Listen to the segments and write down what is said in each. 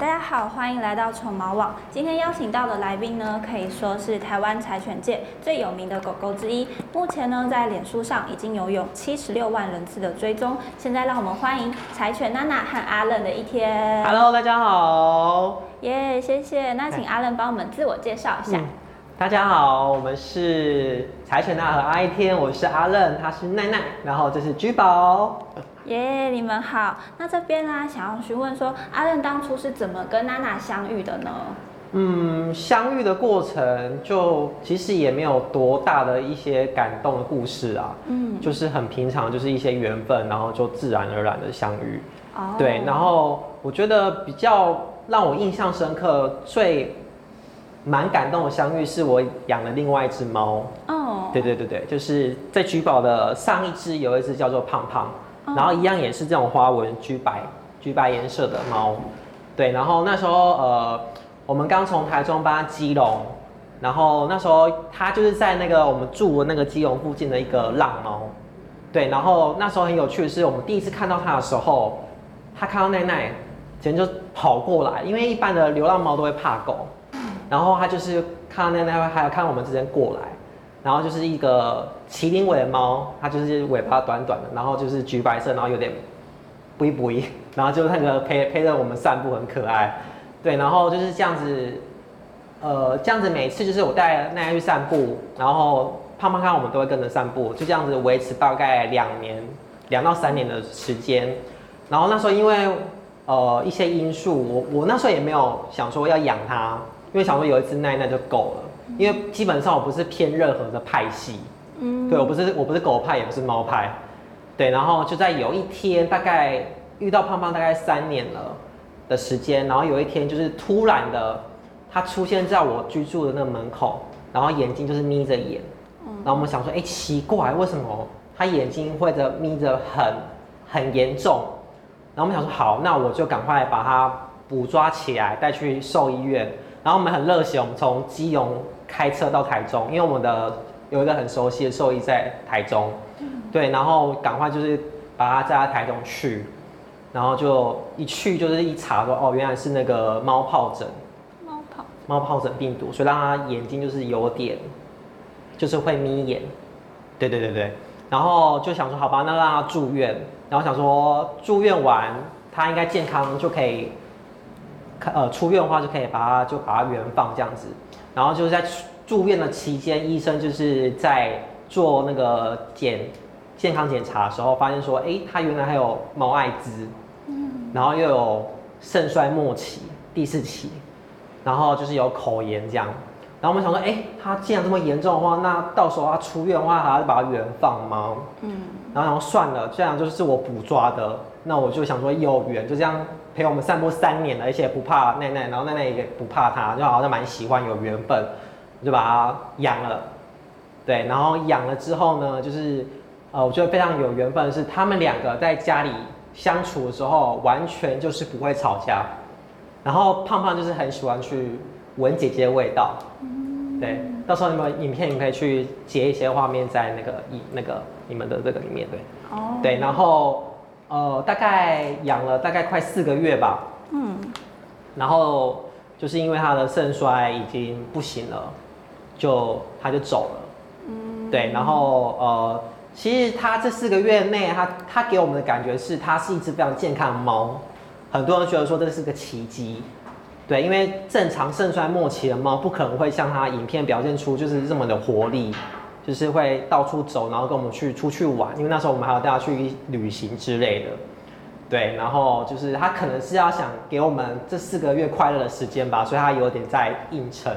大家好，歡迎來到寵毛網。今天邀請到的來賓呢，可以說是台灣柴犬界最有名的狗狗之一。目前呢，在臉書上已經擁有有七十六萬人次的追蹤。現在讓我們歡迎柴犬奈奈和阿楞的一天。Hello，大家好。耶，yeah, 謝謝。那請阿楞來幫我們自我介紹一下。嗯、大家好，我們是柴犬奈和阿一天，我是阿楞，他是奈奈，然後這是居寶。耶，yeah, 你們好。那這邊呢、啊，想要詢問說，阿楞當初是怎麼跟娜娜相遇的呢？嗯，相遇的過程就其實也沒有多大的一些感動的故事啊。嗯，就是很平常，就是一些緣分，然後就自然而然的相遇。哦。對，然後我覺得比較讓我印象深刻、最蠻感動的相遇，是我養的另外一隻貓。哦。對對對對，就是在橘寶的上一隻有一隻叫做胖胖，然後一樣也是這種花紋橘白橘白、顏色的貓，對。然後那時候呃，我們剛從台中搬到基隆，然後那時候它就是在那個我們住的那個基隆附近的一個浪貓，對。然後那時候很有趣的是，我們第一次看到它的時候，他看到奈奈，直接就跑過來，因為一般的流浪貓都會怕狗，然後他就是看到奈奈，還有看到我們直接過來。然後就是一個麒麟尾的貓，它就是尾巴短短的，然後就是橘白色，然後有點不一不一，然後就那個陪陪着我們散步，很可愛，對，然後就是這樣子，呃，這樣子每次就是我帶奈奈去散步，然後胖胖看我們都會跟着散步，就這樣子維持大概兩年，兩到三年的時間，然後那時候因為呃一些因素，我我那時候也沒有想說要養它，因為想說有一只奈奈就夠了。因為基本上我不是偏任何的派系，嗯、對，我不是我不是狗派也不是貓派，對，然後就在有一天，大概遇到胖胖大概三年了的時間，然後有一天就是突然的它出現在我居住的那個門口，然後眼睛就是眯着眼，嗯、然後我們想說，哎、欸，奇怪，為什麼它眼睛會眯着很很嚴重？然後我們想說，好，那我就趕快把它捕抓起來帶去獸醫院。然後我們很熱血，我們從基隆開車到台中，因為我們的有一個很熟悉的獸醫在台中，嗯、對，然後趕快就是把他在台中去，然後就一去就是一查說，哦，原來是那個貓皰疹，貓皰貓皰疹病毒，所以讓他眼睛就是有點，就是會眯眼，對對對對，然後就想說，好吧，那讓他住院，然後想說住院完他應該健康就可以。呃，出院的話就可以把它就把它原放這樣子，然後就是在住院的期間，醫生就是在做那個檢健康檢查的時候，發現說，哎、欸，他原來還有貓艾滋，然後又有腎衰末期第四期，然後就是有口炎這樣，然後我們想說，哎、欸，他既然這麼嚴重的話，那到時候他出院的話他還要把它原放嗎？嗯，然後然後算了，這樣就是我捕抓的，那我就想說有緣就這樣。陪我們散步三年了，而且不怕奈奈。然後奈奈也不怕她，就好像蠻喜歡有原，有緣分，對吧？養了，對，然後養了之後呢，就是，呃，我覺得非常有緣分的是，他們兩個在家裡相處的時候，完全就是不會吵架。然後胖胖就是很喜歡去聞姐姐的味道，嗯、對，到時候你們影片你們可以去截一些畫面在那個、那個你們的這個裡面，對，哦，對，然後。呃，大概養了大概快四個月吧，嗯，然後就是因為它的腎衰已經不行了，就它就走了，嗯，對，然後呃，其實它這四個月內，它它給我們的感覺是它是一隻非常健康的貓，很多人覺得說這是個奇蹟，對，因為正常腎衰末期的貓不可能會像它影片表現出就是這麼的活力。就是會到處走，然後跟我們去出去玩，因為那時候我們還有帶他去旅行之類的，對。然後就是他可能是要想給我們這四個月快樂的時間吧，所以他有點在硬撐，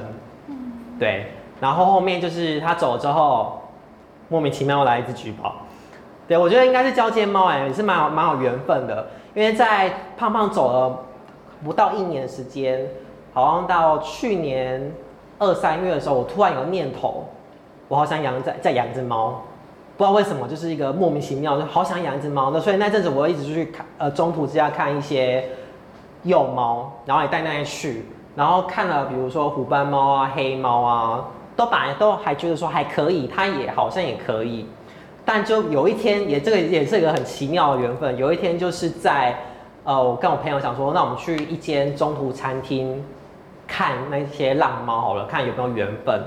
對。然後後面就是他走了之後，莫名其妙來一隻橘寶，對，我覺得應該是交接貓哎、欸，也是蠻有蠻有緣分的，因為在胖胖走了不到一年的時間，好像到去年二三月的時候，我突然有個念頭。我好想養再再養一只貓，不知道為什麼，就是一個莫名其妙，就好想養一只貓。那所以那陣子我一直就去看，呃，中途之家看一些幼貓，然後也帶那些去，然後看了，比如說虎斑貓啊、黑貓啊，都本來都還覺得說還可以，它也好像也可以。但就有一天，也這個也是一個很奇妙的緣分。有一天就是在呃，我跟我朋友想說，那我們去一間中途餐廳看那些浪貓好了，看有沒有緣分。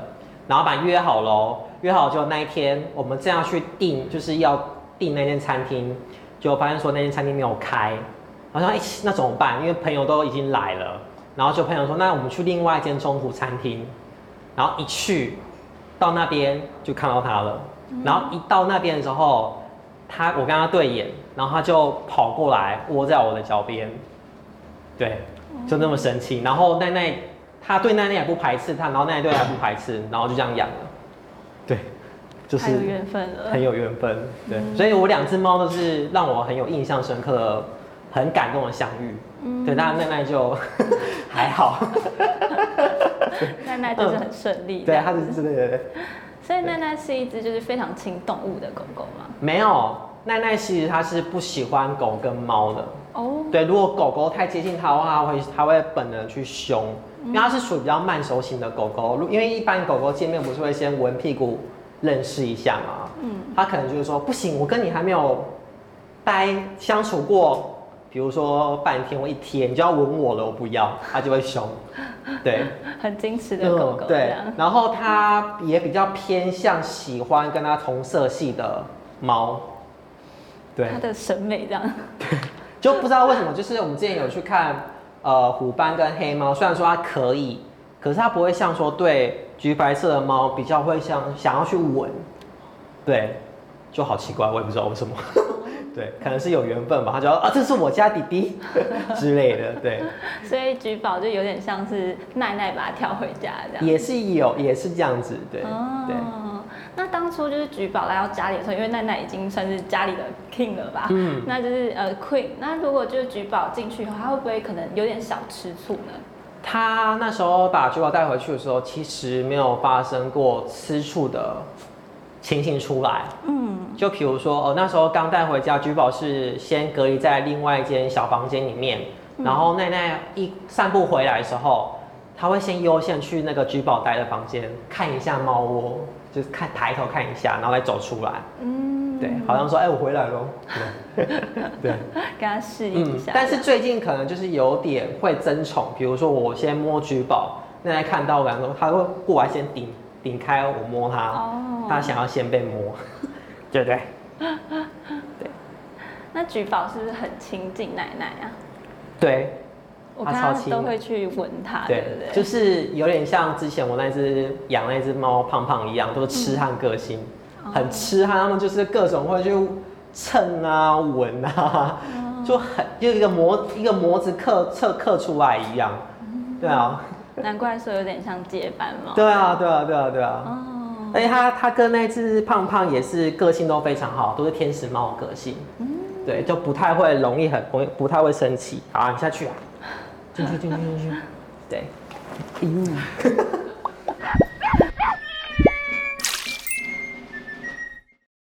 然後把約好了，約好就那一天，我們正要去訂，就是要訂那間餐廳，就發現說那間餐廳沒有開，然後一起、欸、那怎麼辦？因為朋友都已經來了，然後就朋友說，那我們去另外一間中古餐廳，然後一去到那邊就看到他了，嗯、然後一到那邊的時候，他我跟他對眼，然後他就跑過來窩在我的腳邊，對，就那麼神奇。然後奈奈。他對奈奈也不排斥，他，然後奈奈對他也不排斥，然後就這樣養了。對就是，很有緣分了，太有緣分了，很有緣分。對，嗯、所以我兩隻貓都是讓我很有印象深刻的，很感動的相遇。嗯，對，但是奈奈就，嗯，還好，奈奈 就是很順利。對，它是對對對。所以奈奈是一隻就是非常親動物的狗狗嗎？沒有，奈奈其實它是不喜歡狗跟貓的。哦，oh, 對，如果狗狗太接近它的話，會它會本能去凶，因為它是屬於比較慢熟型的狗狗。因為一般狗狗見面不是會先聞屁股認識一下嘛，嗯，它可能就是說不行，我跟你還沒有待相處過，比如說半天或一天，你就要聞我了，我不要，它就會凶。對，很矜持的狗狗，嗯。對，這樣。然後它也比較偏向喜歡跟它同色系的貓。對，它的審美這樣。對就不知道為什麼，就是我們之前有去看，呃，虎斑跟黑貓，雖然說它可以，可是它不會像說對橘白色的貓比較會像想要去聞。對，就好奇怪，我也不知道為什麼，呵呵，對，可能是有緣分吧，它就說啊，這是我家弟弟之類的，對，所以橘寶就有點像是奈奈把它挑回家這樣，也是有，也是這樣子，對，對。那當初就是橘寶來到家裡的時候，因為奈奈已經算是家裡的 king 了吧，嗯，那就是呃 queen。那如果就是橘寶進去的話，他會不會可能有點小吃醋呢？他那時候把橘寶帶回去的時候，其實沒有發生過吃醋的情形出來。嗯，就比如說，哦、呃，那時候剛帶回家，橘寶是先隔離在另外一間小房間裡面，嗯、然後奈奈一散步回來的時候。他會先優先去那個橘寶待的房間看一下貓窩，就是看抬頭看一下，然後再走出來。嗯，對，好像說：“哎、欸，我回來嘍。”對，跟 對他適應一下、嗯。但是最近可能就是有點會爭寵，嗯、比如說我先摸橘寶，那奶看到我，然後他會過來先頂頂開我摸他，他、哦、想要先被摸，對不對，對？對。那橘寶是不是很親近奶奶啊？對。我超親，都會去聞它。對對對，就是有點像之前我那只養那只貓胖胖一樣，都是痴漢個性，很痴漢，他們就是各種會去蹭啊、聞啊，就很有一個模一個模子刻刻刻出來一樣。對啊，難怪說有點像接班貓。對啊，對啊，對啊，對啊。哦。而且它他跟那只胖胖也是個性都非常好，都是天使貓個性。嗯。對，就不太會容易很不不太會生氣。好，你下去啊進去進去進去，對，哎呦。